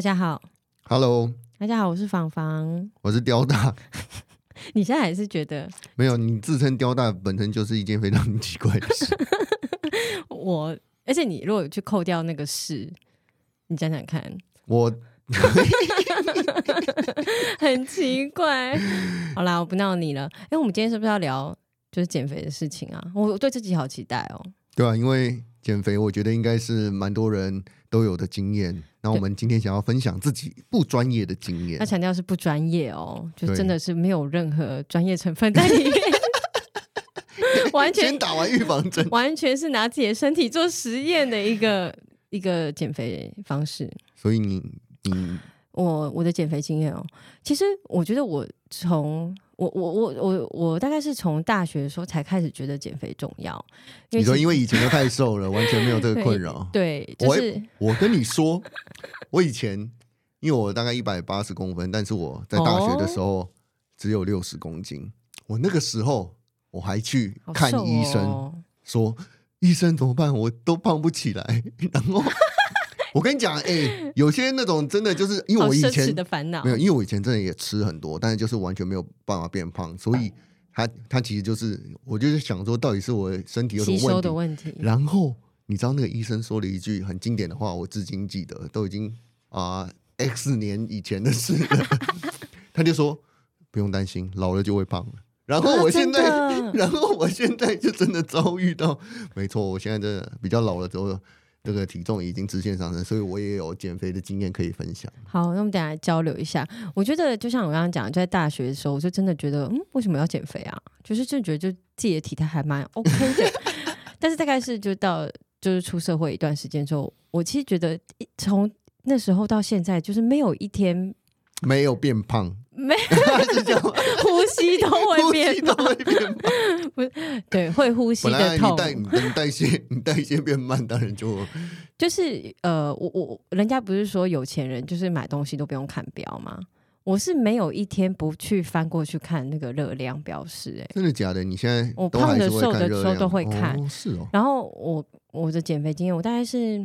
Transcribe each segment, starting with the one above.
大家好，Hello，大家好，我是房房，我是雕大。 你現在還是覺得 沒有？你自稱雕大本身就是一件非常奇怪的事。 我，而且你如果有去扣掉那個“事”，你想想看，我 很奇怪。好啦，我不鬧你了。哎、欸，我們今天是不是要聊就是減肥的事情啊？我對自己好期待哦、喔。對啊，因為。減肥，我覺得應該是蠻多人都有的經驗。那我們今天想要分享自己不專業的經驗。他強調是不專業哦，就真的是沒有任何專業成分在裡面，對 完全先打完預防針，完全是拿自己的身體做實驗的一個一個減肥方式。所以你你。我我的減肥經驗哦、喔，其實我覺得我從我我我我我大概是從大學的時候才開始覺得減肥重要。你說因為以前都太瘦了， 完全沒有這個困擾。對，就是、我我跟你說，我以前因為我大概一百八十公分，但是我在大學的時候只有六十公斤。哦、我那個時候我還去看醫生，哦、說醫生怎麼辦？我都胖不起來，然後。我跟你講，欸，有些那種真的就是因為我以前沒有，因為我以前真的也吃很多，但是就是完全沒有辦法變胖，所以他他其實就是我就是想說，到底是我身體有什麼問題？吸收的問題。然後你知道那個醫生說了一句很經典的話，我至今記得，都已經啊、呃、X 年以前的事了。 他就說不用擔心，老了就會胖。然後我現在，啊、然後我現在就真的遭遇到，沒錯，我現在真的比較老了之後。這個體重已經直線上升，所以我也有減肥的經驗可以分享。好，那我們等下交流一下。我覺得就像我剛剛講，在大學的時候，我就真的覺得，嗯，為什麼要減肥啊？就是就覺得就自己的體態還蠻 OK 的， 但是大概是就到就是出社會一段時間之後，我其實覺得從那時候到現在，就是沒有一天沒有變胖。沒有， 呼吸都會變慢， 不是，對，會呼吸的。本來你代你代謝你代謝變慢，當然就就是呃，我我人家不是說有錢人就是買東西都不用看錶嗎？我是沒有一天不去翻過去看那個熱量標示。欸。哎，真的假的？你現在我胖瘦的瘦的時候都會看，哦哦，然後我我的減肥經驗，我大概是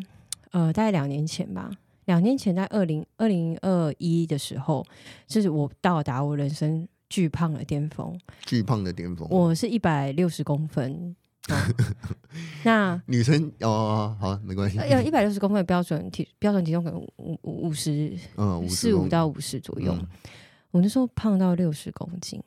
呃，大概兩年前吧。兩年前，在二零二零二一的時候，就是我到達我人生巨胖的巔峰。巨胖的巔峰。我是一百六十公分。嗯、 那女生哦,哦,哦，好，沒關係。要一百六十公分的標準體標準體重可能五五十，嗯，四五到五十左右。嗯、我那時候胖到六十公斤。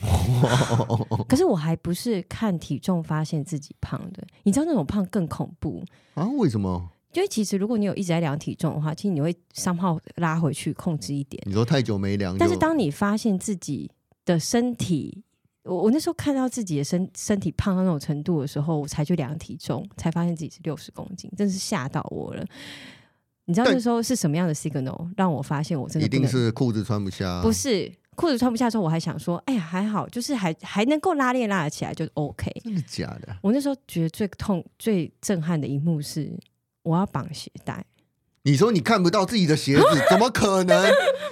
可是我還不是看體重發現自己胖的，你知道那種胖更恐怖啊？為什麼？因為其實如果你有一直在量體重的話，其實你會想要拉回去控制一點。你說太久沒量，但是當你發現自己的身體，我我那時候看到自己的身身體胖到那種程度的時候，我才去量體重，才發現自己是六十公斤，真是嚇到我了。你知道那時候是什麼樣的 signal 對讓我發現我真的？一定是褲子穿不下啊。不是褲子穿不下之後，我還想說，哎呀，還好，就是還還能夠拉鏈拉得起來，就 OK。真的假的啊？我那時候覺得最痛、最震撼的一幕是。我要綁鞋帶。你說你看不到自己的鞋子，怎麼可能？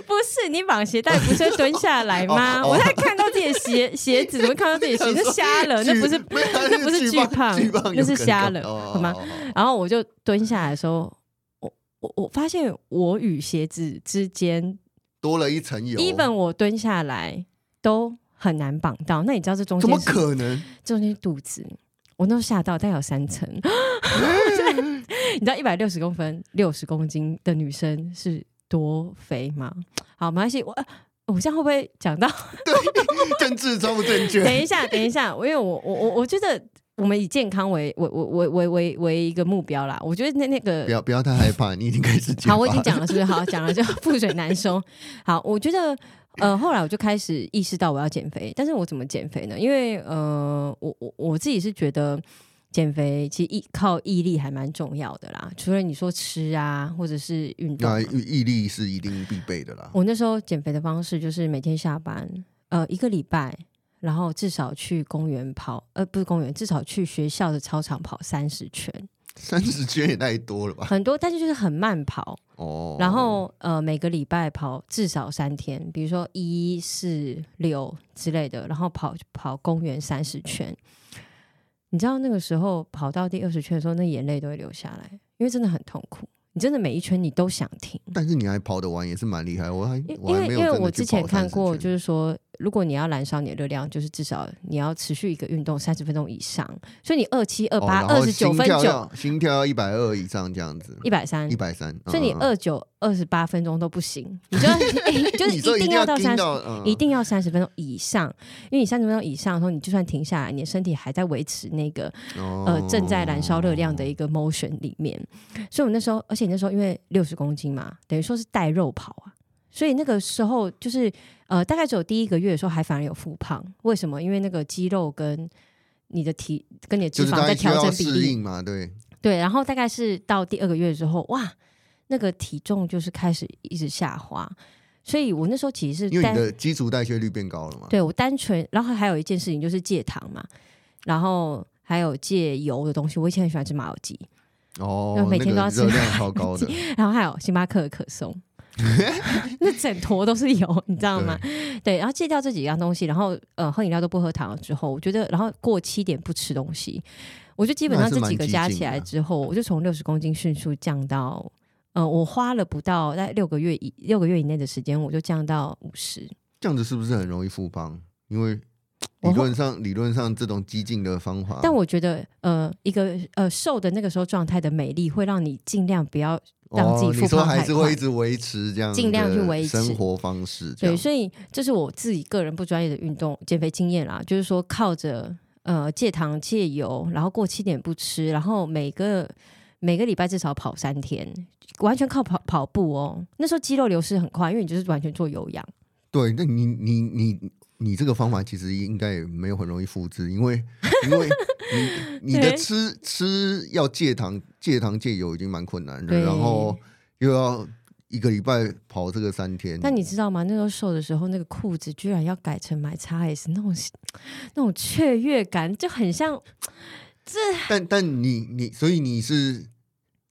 不是你綁鞋帶不是會蹲下來嗎？我在看到自己鞋鞋子，怎麼看到自己鞋子？瞎了？那不是那不是巨胖，那是瞎了，好嗎？然後我就蹲下來的時候，我我我發現我與鞋子之間多了一層油。一本我蹲下來都很難綁到，那你知道這中間怎麼可能？中間肚子，我那時候嚇到，大概有三層。你知道一百六十公分、六十公斤的女生是多肥嗎？好，沒關係，我我現在會不會講到政治，超不正確？ 等一下，等一下，因為我我我我覺得我們以健康為為為為為為一個目標啦。我覺得那那個不要不要太害怕，你已經開始講。好，我已經講了是不是？好，講了就覆水難收。好，我覺得呃，後來我就開始意識到我要減肥，但是我怎麼減肥呢？因為呃，我我我自己是覺得。減肥其實依靠毅力還蠻重要的啦，除了你說吃啊，或者是運動、啊，那毅、啊、毅力是一定必備的啦。我那時候減肥的方式就是每天下班，呃，一個禮拜，然後至少去公園跑，呃，不是公園，至少去學校的操場跑三十圈。三十圈也太多了吧？很多，但是就是很慢跑哦。然後呃，每個禮拜跑至少三天，比如說一四六之類的，然後跑跑公園三十圈。你知道那個時候跑到第二十圈的時候，那眼淚都會流下來，因為真的很痛苦。你真的每一圈你都想停，但是你還跑得完也是蠻厲害。我還因為還沒有因為我之前看過，就是說。如果你要燃燒你的熱量，就是至少你要持續一個運動三十分鐘以上。所以你二七二八二十九分鐘，心跳一百二以上這樣子，一百三，一百三。所以你二九二十八分鐘都不行，你就、 欸、就是一定要到三十，一定要三十，嗯、分鐘以上。因為你三十分鐘以上的時候，你就算停下來，你的身體還在維持那個、哦、呃正在燃燒熱量的一個 motion 裡面。所以，我們那時候，而且那時候因為六十公斤嘛，等於說是帶肉跑啊。所以那個時候就是，呃，大概只有第一個月的時候還反而有復胖，為什麼？因為那個肌肉跟你的體跟你的脂肪在調整比例要要適應嘛，對。對，然後大概是到第二個月之後，哇，那個體重就是開始一直下滑。所以我那時候其實是因為你的基礎代謝率變高了嘛。對我單純，然後還有一件事情就是戒糖嘛，然後還有戒油的東西。我以前很喜歡吃麥樂雞，哦，然後每天都要吃，熱量超高的，然後還有星巴克的可頌。那 整坨都是油，你知道嗎？對，對，然後戒掉這幾樣東西，然後呃，喝飲料都不喝糖了之後，我覺得，然後過七點不吃東西，我就基本上這幾個加起來之後，啊、我就從六十公斤迅速降到呃，我花了不到在六個月以六個月以內的時間，我就降到五十。這樣子是不是很容易復胖？因為理論上，很理論上這種激進的方法，但我覺得呃，一個呃瘦的那個時候狀態的美麗，會讓你盡量不要。讓自己哦，你說還是會一直維持這樣的這樣，盡量去維持生活方式。對，所以這是我自己個人不專業的運動減肥經驗啦，就是說靠着呃戒糖戒油，然後過七點不吃，然後每個每個禮拜至少跑三天，完全靠跑跑步哦。那時候肌肉流失很快，因為你就是完全做有氧。對，那你你你。你你這個方法其實應該也沒有很容易複製，因為因為你你的吃 對吃要戒糖、戒糖戒油已經蠻困難的，對然後又要一個禮拜跑這個三天。那你知道嗎？那時候瘦的時候，那個褲子居然要改成買 XS，那種那種雀躍感就很像這。但但你你所以你是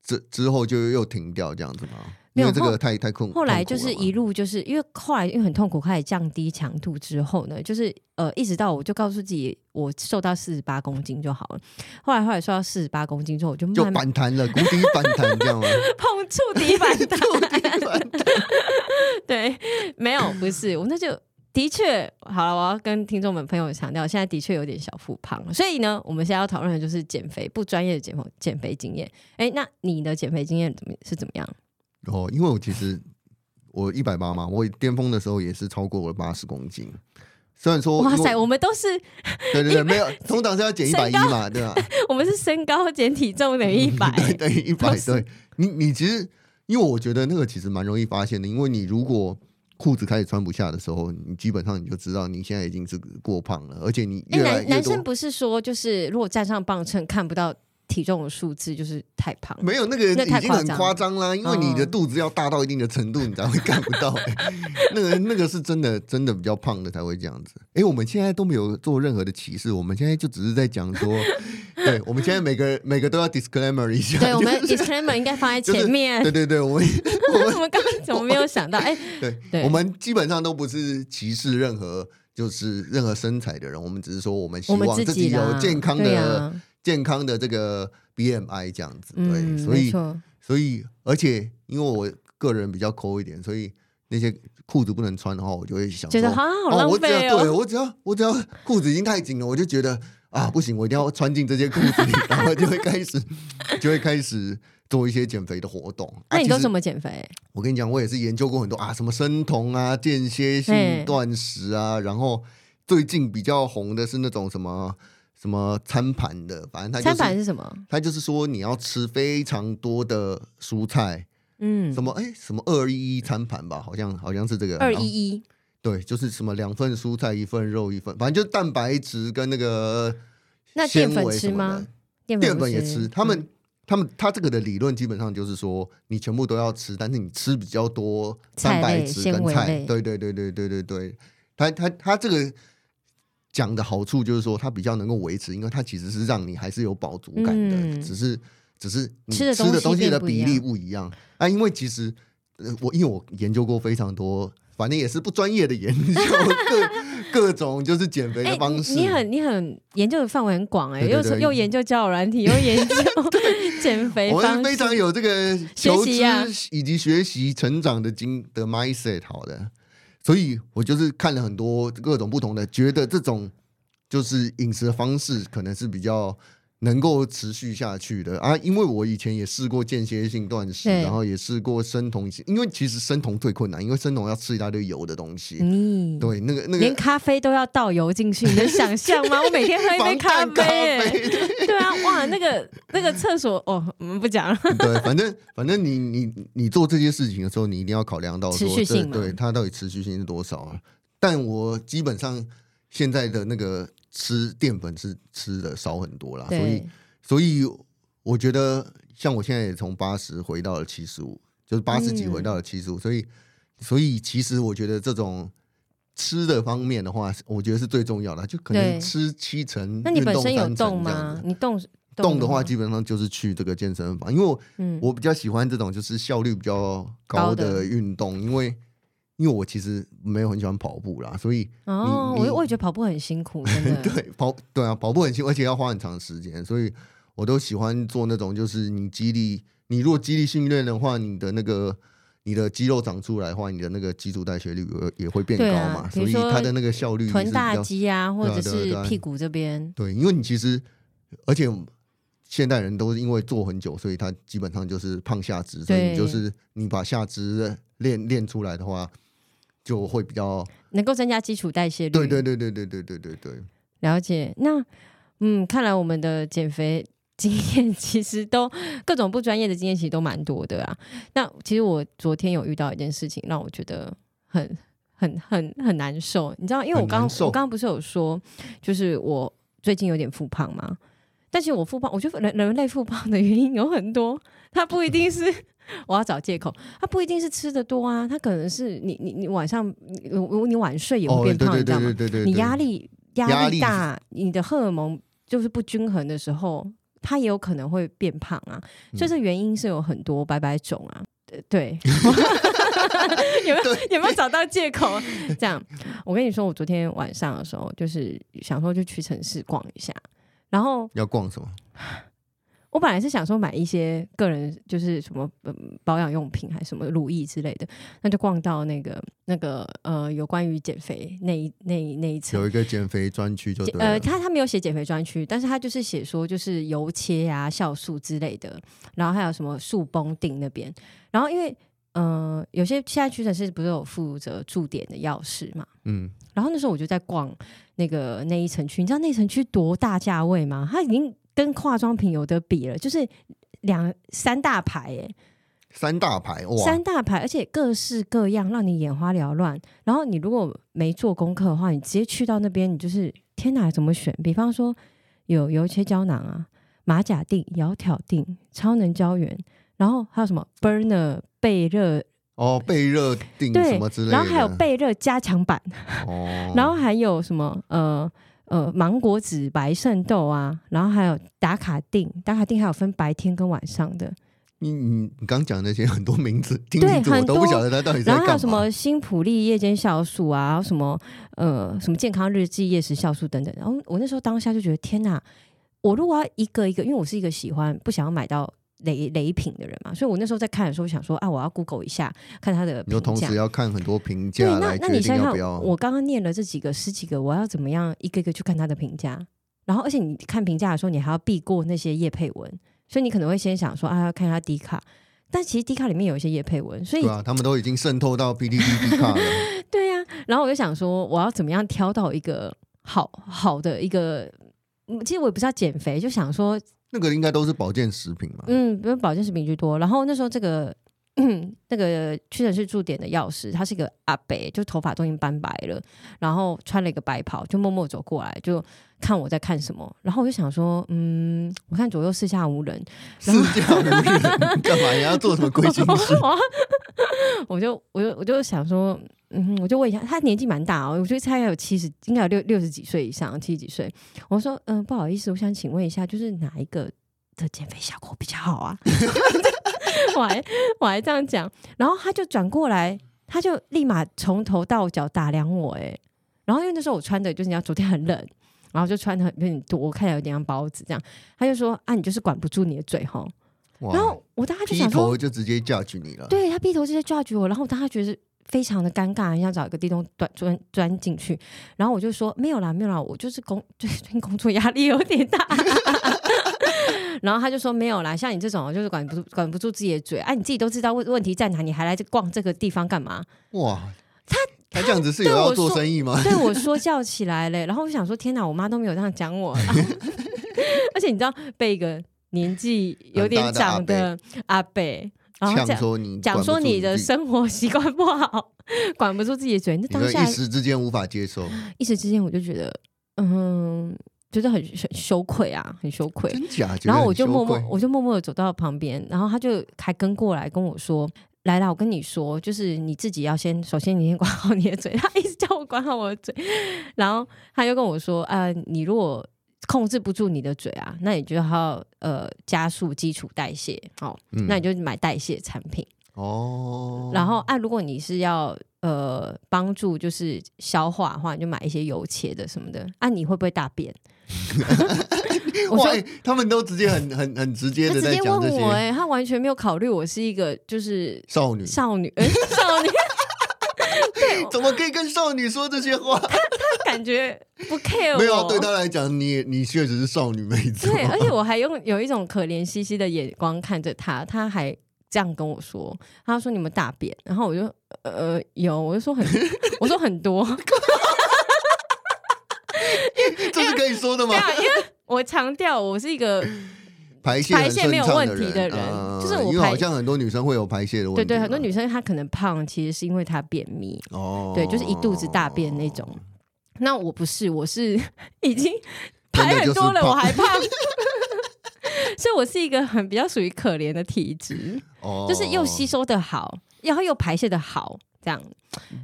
之之後就又停掉這樣子嗎？沒有這個太太空。後來就是一路就是因為後來因為很痛苦，開始降低強度之後呢，就是呃，一直到我就告訴自己，我瘦到四十八公斤就好了。後來後來瘦到四十八公斤之後，我就慢慢就反彈了，谷底反彈，這樣嗎？碰觸底反彈， 反 對，沒有，不是我，那就的確好了。我要跟聽眾們朋友強調，現在的確有點小腹胖，所以呢，我們現在要討論的就是減肥，不專業的減肥減肥經驗。哎、欸，那你的減肥經驗怎麼是怎麼樣？哦，因為我其實我一百八嘛，我巔峰的時候也是超過我八十公斤。雖然說，哇塞，我們都是對對對，一沒有通常是要減一百一嘛，高對吧、啊？ 我們是身高減體重等於一百，等於一百。對，你，你其實因為我覺得那個其實蠻容易發現的，因為你如果褲子開始穿不下的時候，你基本上你就知道你現在已經是過胖了，而且你越來越多、欸、男,男生不是說就是如果站上磅秤看不到。體重的數字就是太胖，沒有那個已經很誇張啦。因為你的肚子要大到一定的程度，你才會看不到。那個那個是真的，真的比較胖的才會這樣子。哎，我們現在都沒有做任何的歧視，我們現在就只是在講說，對，我們現在每個每個都要 disclaimer 一下。對，我們 disclaimer 應該放在前面。對對對，我們我們剛剛怎麼沒有想到？哎，對，我們基本上都不是歧視任何就是任何身材的人，我們只是說我們希望自己有健康的。健康的這個 B M I 這樣子，對，嗯、所以沒錯 所以，而且因為我個人比較摳一點，所以那些褲子不能穿的話，我就會想覺得啊，好浪費、喔哦、我只要我只要褲子已經太緊了，我就覺得啊不行，我一定要穿進這些褲子裡， 然後就會開始就會開始做一些減肥的活動。啊、你都什麼減肥、欸？我跟你講，我也是研究過很多啊，什麼生酮啊、間歇性斷食啊，嘿 然後最近比較紅的是那種什麼。什麼餐盤的，反正他就是餐盤是什麼？他就是說你要吃非常多的蔬菜，嗯，什麼、欸，什麼哎，什麼二一一餐盤吧，好像好像是這個二一一，對，就是什麼兩份蔬菜，一份肉，一份，反正就是蛋白質跟那個纖維什麼的，那澱粉吃嗎？澱粉，澱粉也吃。他們、嗯、他們他這個的理論基本上就是說你全部都要吃，但是你吃比較多蛋白質跟菜。菜對對對對對對對，他他他這個。講的好處就是說，它比較能夠維持，因為它其實是讓你還是有飽足感的，嗯、只是只是你吃的東西的比例不一樣。嗯、一樣哎，因為其實、呃、我因為我研究過非常多，反正也是不專業的研究各 各種就是減肥的方式。欸、你很你很研究的範圍很廣哎、欸，對對對，又又研究交友軟體，又研究減 對肥，我是非常有這個求知以及學習成長的經的 mindset 好的。所以，我就是看了很多各種不同的，覺得這種就是飲食的方式可能是比較，能夠持續下去的啊，因為我以前也試過間歇性斷食，對然後也試過生酮，因為其實生酮最困難，因為生酮要吃一大堆油的東西。嗯，對，那個那個連咖啡都要倒油進去， 你能想象嗎？我每天喝一杯咖啡，哎，對，對啊，哇，那個那個廁所哦，我們不講了。對，反正反正你你你做這些事情的時候，你一定要考量到說持續性對，對它到底持續性是多少啊？但我基本上現在的那個。吃澱粉是吃的少很多啦，對所以所以我覺得像我現在也從八十回到了七十五，就是八十幾回到了七十五，所以所以其實我覺得這種吃的方面的話，我覺得是最重要的，就可能吃七成。對運動三成這樣子，那你本身有動嗎？你動動，動的話，基本上就是去這個健身房，因為我、嗯、我比較喜歡這種就是效率比較高的運動，的因為。因為我其實沒有很喜歡跑步啦，所以哦，我你我也覺得跑步很辛苦， 對，跑對啊，跑步很辛苦，而且要花很長時間，所以我都喜歡做那種就是你肌力，你如果肌力訓練的話，你的那個你的肌肉長出來的話，你的那個基礎代謝率也會變高嘛，啊、所以它的那個效率是臀大肌啊，或者是屁股這邊，對，因為你其實而且現代人都是因為坐很久，所以他基本上就是胖下肢，所以就是你把下肢練練出來的話。就會比較能夠增加基礎代謝率。對對對對對對對對對。了解，那嗯，看來我們的減肥經驗其實都各種不專業的經驗，其實都蠻多的啊。那其實我昨天有遇到一件事情，讓我覺得很很很很難受。你知道，因為我剛剛我剛剛不是有說，就是我最近有點復胖嗎？但是，我復胖，我覺得人人類復胖的原因有很多，它不一定是、嗯。我要找借口，它不一定是吃的多啊，它可能是你你你晚上你你晚睡也會變胖，你知道嗎？你壓力壓力大，力你的荷爾蒙就是不均衡的時候，它也有可能會變胖啊。嗯、所以這原因是有很多百百種啊，對，有沒有對有沒有找到借口？這樣，我跟你說，我昨天晚上的時候，就是想說就去屈臣氏逛一下，然後要逛什麼？我本來是想說，買一些個人，就是什麼保養用品還是什麼乳液之類的，那就逛到那個那個呃有關於減肥那一那一那一層，有一個減肥專區就對。呃，他他沒有寫減肥專區，但是他就是寫說就是油切呀、啊、酵素之類的，然後還有什麼速崩錠那邊，然後因為嗯、呃、有些其他屈臣氏不是有負責駐點的藥師嘛？嗯，然後那時候我就在逛那個那一層區，你知道那一層區多大價位嗎？他已經。跟化妝品有得比了，就是兩三大牌哎，三大牌、欸、三大牌哇，三大牌，而且各式各樣，讓你眼花繚亂。然後你如果沒做功課的話，你直接去到那邊，你就是天哪，怎麼選？比方說有有一些膠囊啊，馬甲錠、窈窕錠、超能膠原，然後還有什麼 Burner 倍熱哦，倍熱錠對什麼之類的，然後還有倍熱加強版、哦、然後還有什麼呃。呃，芒果籽、白腎豆啊，然後還有打卡定，打卡定還有分白天跟晚上的。你你你剛講的那些很多名字，聽清我都不曉得它到底在。然後還有什麼新普利夜間酵素啊，然後什麼呃什麼健康日記夜食酵素等等。然後我那時候當下就覺得，天哪！我如果要一個一個，因為我是一個喜歡不想要買到。雷雷品的人嘛，所以我那時候在看的時候，想說啊，我要 Google 一下看他的評價。你同時要看很多評價來決定那你想要，要不要。我剛剛念了這幾個十幾個，我要怎麼樣一個一個去看他的評價？然後，而且你看評價的時候，你還要避過那些業配文，所以你可能會先想說啊，要看他 D 卡，但其實 D 卡裡面有一些業配文，所以對啊，他們都已經滲透到 PTT D 卡了。 對呀、啊，然後我就想說，我要怎麼樣挑到一個好好的一個？其實我也不知道減肥，就想說。那個應該都是保健食品吧？嗯，不用保健食品居多。然後那時候這個那個屈臣氏駐點的藥師，它是一個阿伯，就頭髮都已經斑白了，然後穿了一個白袍，就默默走過來，就看我在看什麼。然後我就想說，嗯，我看左右四下無人，四下無人幹嘛？ 你要做什麼鬼心思 我就我就我就想說。嗯，我就問一下，他年紀蠻大哦，我覺得他應該有七十，應該有六六十幾歲以上，七十幾歲。我說，嗯、呃，不好意思，我想請問一下，就是哪一個的減肥效果比較好啊？ 我還我還這樣講，然後他就轉過來，他就立馬從頭到腳打量我，哎，然後因為那時候我穿的就是人家昨天很冷，然後就穿的很有點多，我看起來有點像包子這樣。他就說，啊，你就是管不住你的嘴吼哇然後我當時就想，說，低頭就直接 judge 你了。對他低頭直接 judge 我，然後我當時覺得。非常的尷尬，要找一個地洞鑽鑽鑽進去，然後我就說沒有啦，沒有啦，我就是工最近、就是、工作壓力有點大、啊。 然後他就說沒有啦，像你這種我就是管不住管不住自己的嘴，哎、啊，你自己都知道問問題在哪，你還來逛這個地方幹嘛？哇！他這樣子是有要做生意嗎？對，我說笑起來了。然後我想說，天哪，我媽都沒有這樣講我， 而且你知道，被一個年紀有點長的，的阿伯。阿伯然後講，講說你，你講說你的生活習慣不好，管不住自己的嘴，那當下一時之間無法接受，一時之間我就覺得，嗯，覺得很羞愧啊，很羞愧。真假？覺得很羞愧？然後我就默默，我就默默的走到旁邊，然後他就還跟過來跟我說：“來啦，我跟你說，就是你自己要先，首先你先管好你的嘴。”他一直叫我管好我的嘴，然後他就跟我說：“啊、呃，你如果……”控制不住你的嘴啊，那你就要呃加速基礎代謝哦，嗯、那你就買代謝產品哦。然後啊，如果你是要呃幫助就是消化的話，你就買一些油切的什麼的。啊，你會不會大便？我他們都直接很很很直接的在講這些，直接問我，哎、欸，他完全沒有考慮我是一個就是少女少女少女。 對哦，怎麼可以跟少女說這些話？他他感覺不 care，沒有、啊，對他來講，你你確實是少女妹子。對，而且我還用有一種可憐兮兮的眼光看着他，他還這樣跟我說，他說你們大便，然後我就呃有，我就說很，我說很多， 這是可以說的嗎？因為，因為我強調，我是一個。排泄，排泄沒有問題的人，呃、就是我好像很多女生會有排泄的問題。對，對對，很多女生她可能胖，其實是因為她便秘。哦，對，就是一肚子大便那種。哦、那我不是，我是已經排很多了，我還胖， 所以我是一個很比較屬於可憐的體質。哦，就是又吸收的好，然後又排泄的好。這樣，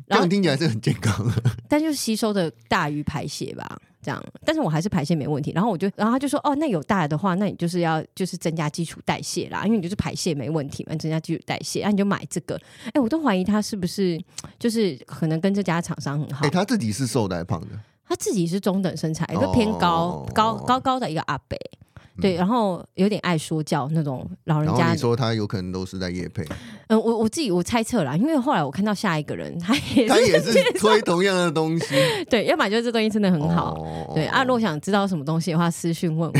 然後這樣聽起來是很健康的，但就是吸收的大於排泄吧，這樣。但是我還是排泄沒問題。然後我就，然後他就說，哦，那有大的話，那你就是要就是增加基礎代謝啦，因為你就是排泄沒問題嘛，增加基礎代謝，那、啊、你就買這個。哎，我都懷疑他是不是就是可能跟這家廠商很好。他自己是瘦的還是胖的？他自己是中等身材，一個、哦、偏高高高高的一個阿伯。對，然後有點愛說教那種老人家。你說他有可能都是在業配？嗯、呃，我我自己我猜測啦，因為後來我看到下一個人，他也是他也是推同樣的東西。 對，要不然就是這東西真的很好。哦、對啊，如果想知道什麼東西的話，私訊問我。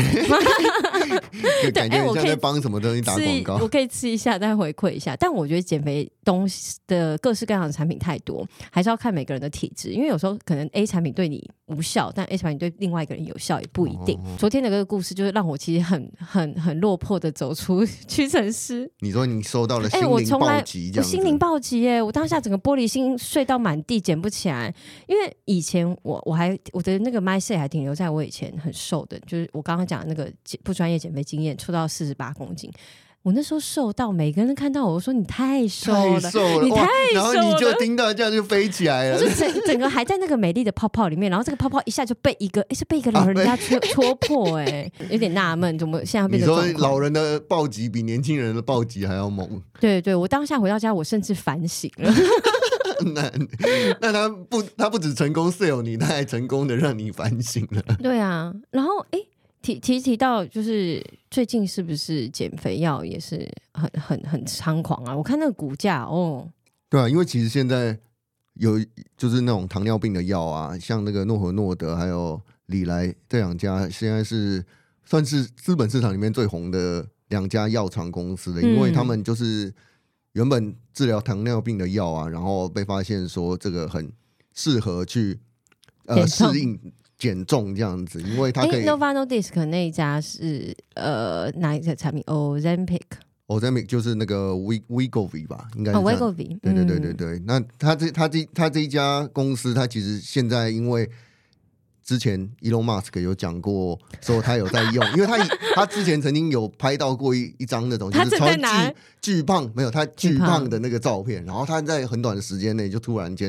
對，哎，我可以幫什麼東西打廣告？對欸，我，可我可以吃一下，再回饋一下。但我覺得減肥東西的各式各樣的產品太多，還是要看每個人的體質，因為有時候可能 A 產品對你。無效，但 H 你、欸、對另外一個人有效也不一定。哦、昨天的那個故事就是讓我其實很很很落魄的走出屈臣氏。你說你受到了心靈暴擊、欸，我心靈暴擊耶！我當下整個玻璃心碎到滿地，撿不起來。因為以前我我還我的那個麥穗還停留在我以前很瘦的，就是我剛剛講的那個不專業減肥經驗，瘦到四十八公斤。我那時候瘦到每個人看到我，我說你太瘦了，太瘦了，你太瘦了。然後你就聽到這樣就飛起來了。就整整個還在那個美麗的泡泡裡面， 然後這個泡泡一下就被一個哎，就、欸、被一個老人家戳、啊、戳破、欸，哎， 有點納悶，怎麼現在變成你說老人的暴擊比年輕人的暴擊還要猛？對，對對，我當下回到家，我甚至反省了。 那那他不，他不止成功 sell 你，他還成功的讓你反省了。對啊，然後哎、欸，提提提到就是。最近是不是減肥藥也是很很很猖狂啊？我看那個股價哦。Oh，對啊，因為其實現在有就是那種糖尿病的藥啊，像那個諾和諾德還有禮來這兩家，現在是算是資本市場裡面最紅的兩家藥廠公司了，嗯、因為他們就是原本治療糖尿病的藥啊，然後被發現說這個很適合去呃痛適應。減重這樣子，因為它可以。Novo Nordisk 那一家是呃哪一家產品？Ozempic。Ozempic 就是那個 We、Wegovy 吧？應該。Wegovy 對對對對對，嗯、那他這他這他這一家公司，他其實現在因為。之前伊隆馬斯克有講過，說他有在用， 因為他他之前曾經有拍到過一一張那種就是超級巨胖沒有他巨胖的那個照片，胖然後他在很短的時間內就突然間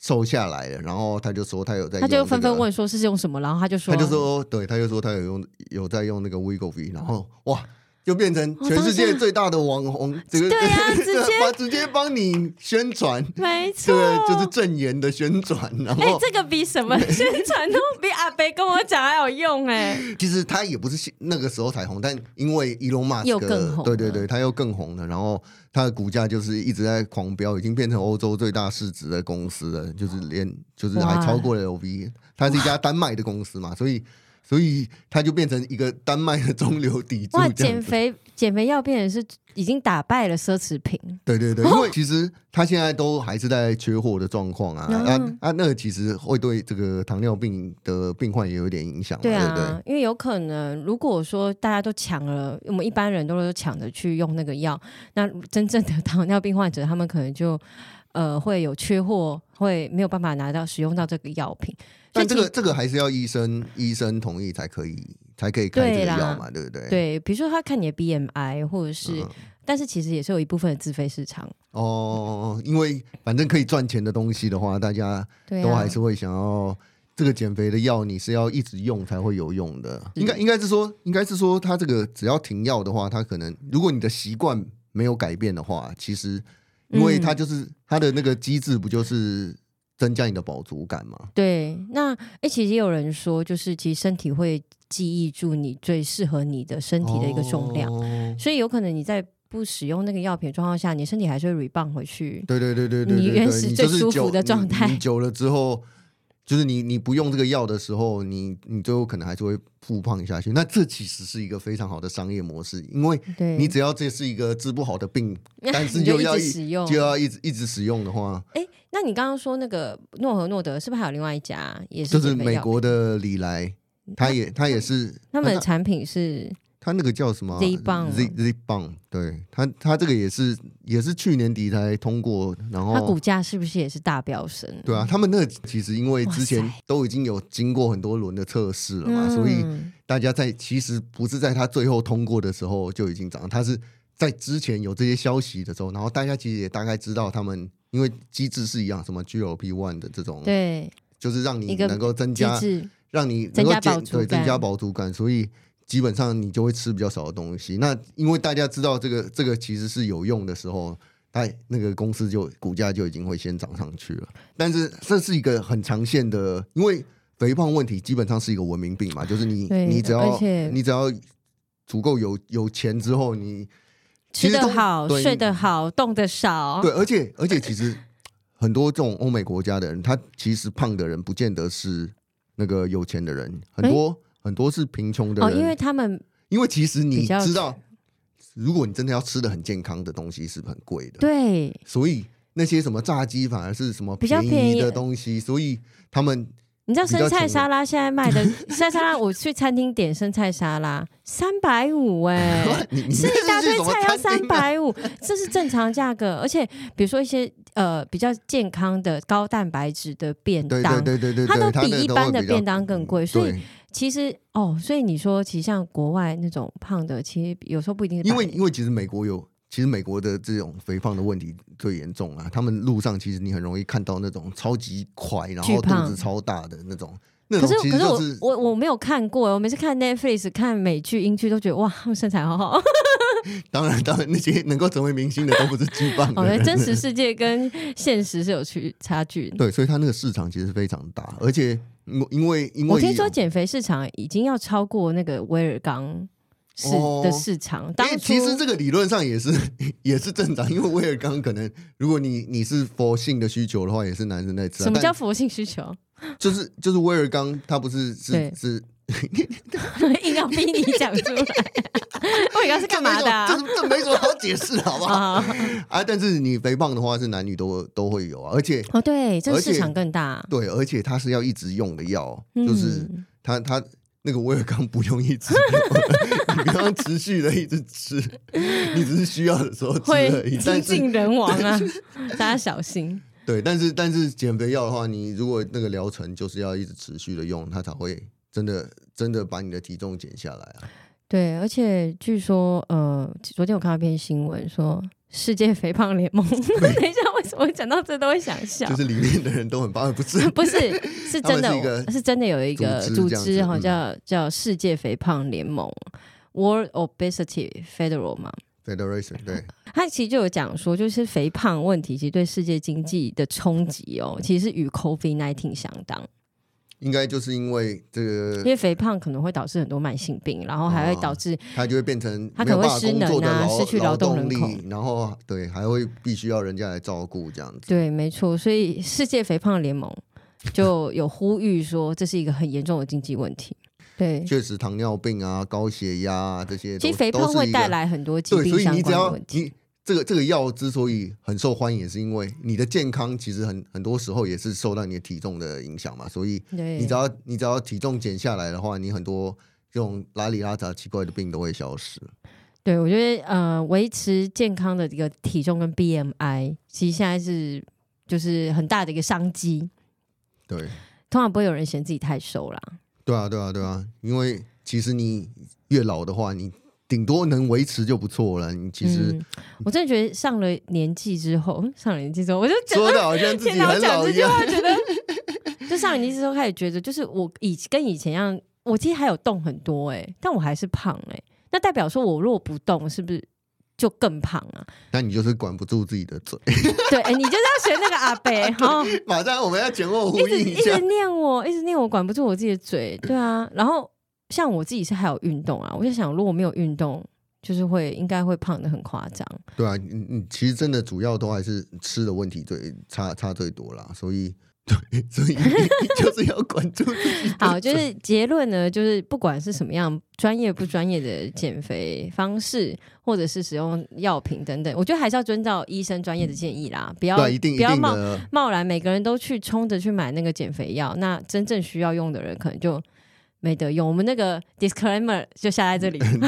瘦下來了，啊、然後他就說他有在用、這個，用。他就紛紛問說是用什麼，然後他就說他就說對，他就說他有用有在用那個 Wegovy，然後哇。就變成全世界最大的網紅，這個、哦啊、直接 直接幫你宣傳，沒錯錯，就是證言的宣傳。然後，哎、欸，這個比什麼宣傳都 比阿伯跟我講還有用哎、欸。其實他也不是那個時候才紅，但因為伊隆馬斯克，對對對，他又更紅了。然後他的股價就是一直在狂飆，已經變成歐洲最大市值的公司了，就是連就是還超過了 LV 哇。他是一家丹麥的公司嘛，哇所以。所以它就變成一個丹麥的中流砥柱。哇，減肥減肥藥變成是已經打敗了奢侈品。對對對，因為其實它現在都還是在缺貨的狀況啊。哦、啊啊那那其實會對這個糖尿病的病患也有點影響，對，啊、對對對。因為有可能如果說大家都搶了，我們一般人都是搶着去用那個藥，那真正的糖尿病患者他們可能就。呃，會有缺貨，會沒有辦法拿到使用到這個藥品。但這個實這個還是要醫生醫生同意才可以才可以開這個藥嘛，對，啦對不對？對，比如說他看你的 BMI 或者是，嗯、但是其實也是有一部分的自費市場。哦，因為反正可以賺錢的東西的話，大家、啊、都還是會想要這個減肥的藥，你是要一直用才會有用的。是應該應該是說，應該是說，他這個只要停藥的話，他可能如果你的習慣沒有改變的話，其實。因為它就是它的那個機制，不就是增加你的飽足感嗎？嗯、對，那哎、欸，其實也有人說，就是其實身體會記憶住你最適合你的身體的一個重量，哦、所以有可能你在不使用那個藥品的狀況下，你身體還是會 rebound 回去。對對對，對對對對對，你原始最舒服的狀態，久，久了之後。就是你，你不用這個藥的時候，你你最後可能還是會復胖下去。那這其實是一個非常好的商業模式，因為你只要這是一個治不好的病，對，但是就要一直一直使用的話。哎、欸，那你剛剛說那個諾和諾德，是不是還有另外一家、啊，也是，就是美國的禮來，他也他也是，他們的產品是。他那個叫什麼 z b a n g z, z b o n g 對，他它，它這個也是也是去年底才通過，然後它股價是不是也是大飆升？對啊，他們那個，其實因為之前都已經有經過很多輪的測試了嘛，嗯、所以大家在其實不是在他最後通過的時候就已經漲，他是在之前有這些消息的時候，然後大家其實也大概知道他們，因為機制是一樣，什麼 G L P One 的這種，對，就是讓你能夠增加，讓你能夠減，對，增加飽足、足感，所以。基本上你就會吃比較少的東西，那因為大家知道這個這個其實是有用的時候，哎，那個公司就股價就已經會先漲上去了。但是這是一個很長線的，因為肥胖問題基本上是一個文明病嘛，就是你對你只要且你只要足夠有有錢之後，你其實吃得好對睡得好動得少，對，而且而且其實 很多這種歐美國家的人，他其實胖的人不見得是那個有錢的人，很多、欸。很多是貧窮的人，哦，因為他們，因為其實你知道，如果你真的要吃的很健康的東西是，是很貴的，對，所以那些什麼炸雞反而是什麼比較便宜的東西，所以他們、哦，你知道生菜沙拉現在賣的 菜生菜沙拉，我、欸、 去餐廳點生菜沙拉三百五哎，是一大堆菜要三百五，這是正常價格，而且比如說一些呃比較健康的高蛋白質的便當，對對，對對對對對，它都比一般的便當更貴，所以、嗯。其實哦，所以你說，其實像國外那種胖的，其實有時候不一定。因為因為其實美國有，其實美國的這種肥胖的問題最嚴重啊。他們路上其實你很容易看到那種超級快，然後肚子超大的那種。胖那種可是可是我、就是、我我，我沒有看過，我每次看 Netflix 看美劇英劇都覺得哇，他們身材好好。 當然當然，那些能夠成為明星的都不是巨胖的。對、 哦，真實世界跟現實是有區差距的。 對，所以它那個市場其實非常大，而且。因為因為，因為我聽說減肥市場已經要超過那個威而鋼是的市場。哎、哦，當初其實這個理論上也是也是正常，因為威而鋼可能，如果你你是佛性的需求的話，也是男生在吃、啊。什麼叫佛性需求、啊？就是就是威而鋼，他不是是是。 硬要逼你講出來，威而鋼是幹嘛的、啊這？這這沒什麼好解釋，好好，好啊！但是你肥胖的話是男女都都會有啊，而且哦對，這市場更大、啊。對，而且它是要一直用的藥，嗯、就是他它那個威而鋼不用一直用， 你剛剛持續的一直吃， 你只是需要的時候吃而已。啊、但是精盡人亡啊， 大家小心。對，但是但是減肥藥的話，你如果那個療程就是要一直持續的用，它才會。真的真的把你的體重減下來啊！對，而且據說，呃，昨天我看到一篇新聞說，世界肥胖聯盟。對 等一下，為什麼講到這都會想笑？ 就是裡面的人都很胖，不是 不是是真的， 是,是真的有一個組織哈，嗯、叫叫世界肥胖聯盟 （World Obesity Federal） 嘛。Federation 對， 他其實就有講說，就是肥胖問題其實對世界經濟的衝擊哦，其實是與 COVID-19 相當。應該就是因為這個，因為肥胖可能會導致很多慢性病，然後還會導致、啊、他就會變成它可能會失能啊，失去勞動能力，然後對，還會必須要人家來照顧這樣子。對，沒錯，所以世界肥胖聯盟就有呼籲說，這是一個很嚴重的經濟問題。 對，確實，糖尿病啊，高血壓、啊、這些，其實肥胖會帶來很多疾病相關的問題。這個這個藥之所以很受歡迎，也是因為你的健康其實很很多時候也是受到你的體重的影響嘛。所以你只要對你只要體重減下來的話，你很多這種拉里拉雜奇怪的病都會消失。對，我覺得呃，維持健康的這個體重跟 BMI，其實現在是就是很大的一個商機。對，通常不會有人嫌自己太瘦啦。對啊，對啊，對啊，因為其實你越老的話，你。頂多能維持就不錯了。你其實、嗯，我真的覺得上了年紀之後，上了年紀之後，我就覺得好像自己很老。實就話覺得， 就上了年紀之後開始覺得，就是我以跟以前一樣，我其實還有動很多哎、欸，但我還是胖哎、欸。那代表說我若不動，是不是就更胖啊？那你就是管不住自己的嘴。 對，哎、欸，你就是要學那個阿伯 好馬上我們要減我一， 一直一直念我，一直念我，管不住我自己的嘴。對啊，然後。像我自己是還有運動啊，我就想，如果沒有運動，就是會應該會胖的很誇張。對啊，嗯嗯，其實真的主要都還是吃的問題最差差最多啦，所以對，所以 就是要管住自己。好，就是結論呢，就是不管是什麼樣專業不專業的減肥方式， 或者是使用藥品等等，我覺得還是要遵照醫生專業的建議啦，不要不要冒冒然每個人都去衝着去買那個減肥藥，那真正需要用的人可能就。沒得用，我們那個 disclaimer 就下在這裡。嗯、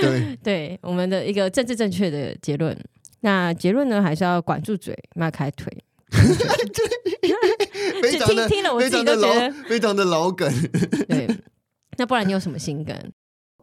對，對， 對，我們的一個政治正確的結論。那結論呢，還是要管住嘴，邁開腿。 非常的， 聽了我自己都覺得，非常的老，非常的老梗。 對，那不然你有什麼新梗？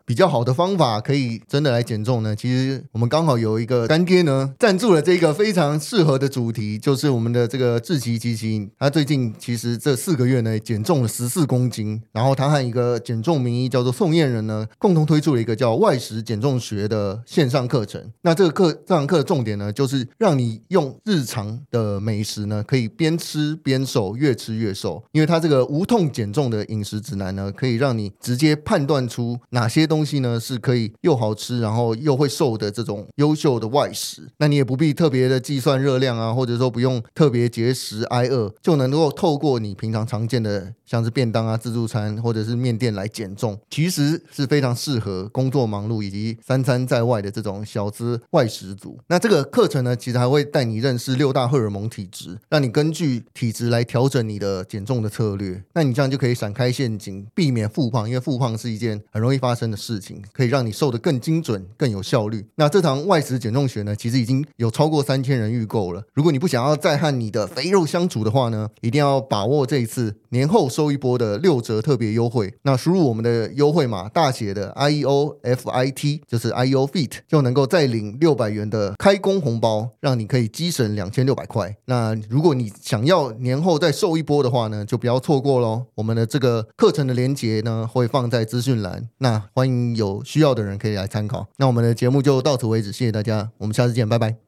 比較好的方法可以真的來減重呢？其實我們剛好有一個乾爹呢，贊助了這個非常適合的主題，就是我們的這個志奇基金志祺七七。他最近其實這四個月呢，減重了十四公斤。然後他和一個減重名醫叫做宋晏仁呢，共同推出了一個叫外食減重學的線上課程。那這個課，這堂課的重點呢，就是讓你用日常的美食呢，可以邊吃邊瘦，越吃越瘦。因為他這個無痛減重的飲食指南呢，可以讓你直接判斷出哪些東。東西呢是可以又好吃，然後又會瘦的這種優秀的外食，那你也不必特別的計算熱量啊，或者說不用特別節食挨餓，就能夠透過你平常常見的。像是便當啊、自助餐或者是麵店來減重，其實是非常適合工作忙碌以及三餐在外的這種小資外食族。那這個課程呢，其實還會帶你認識六大荷爾蒙體質，讓你根據體質來調整你的減重的策略。那你這樣就可以閃開陷阱，避免復胖，因為復胖是一件很容易發生的事情，可以讓你瘦得更精準、更有效率。那這堂外食減重學呢，其實已經有超過三千人預購了。如果你不想要再和你的肥肉相處的話呢，一定要把握這一次年後。收一波的六折特別優惠，那輸入我們的優惠碼大寫的 I E O F I T，就是 I E O FIT，就能夠再領六百元的開工紅包，讓你可以激省兩千六百塊。那如果你想要年後再收一波的話呢，就不要錯過嘍。我們的這個課程的鏈接呢，會放在資訊欄，那歡迎有需要的人可以來參考。那我們的節目就到此為止，謝謝大家，我們下次見，拜拜。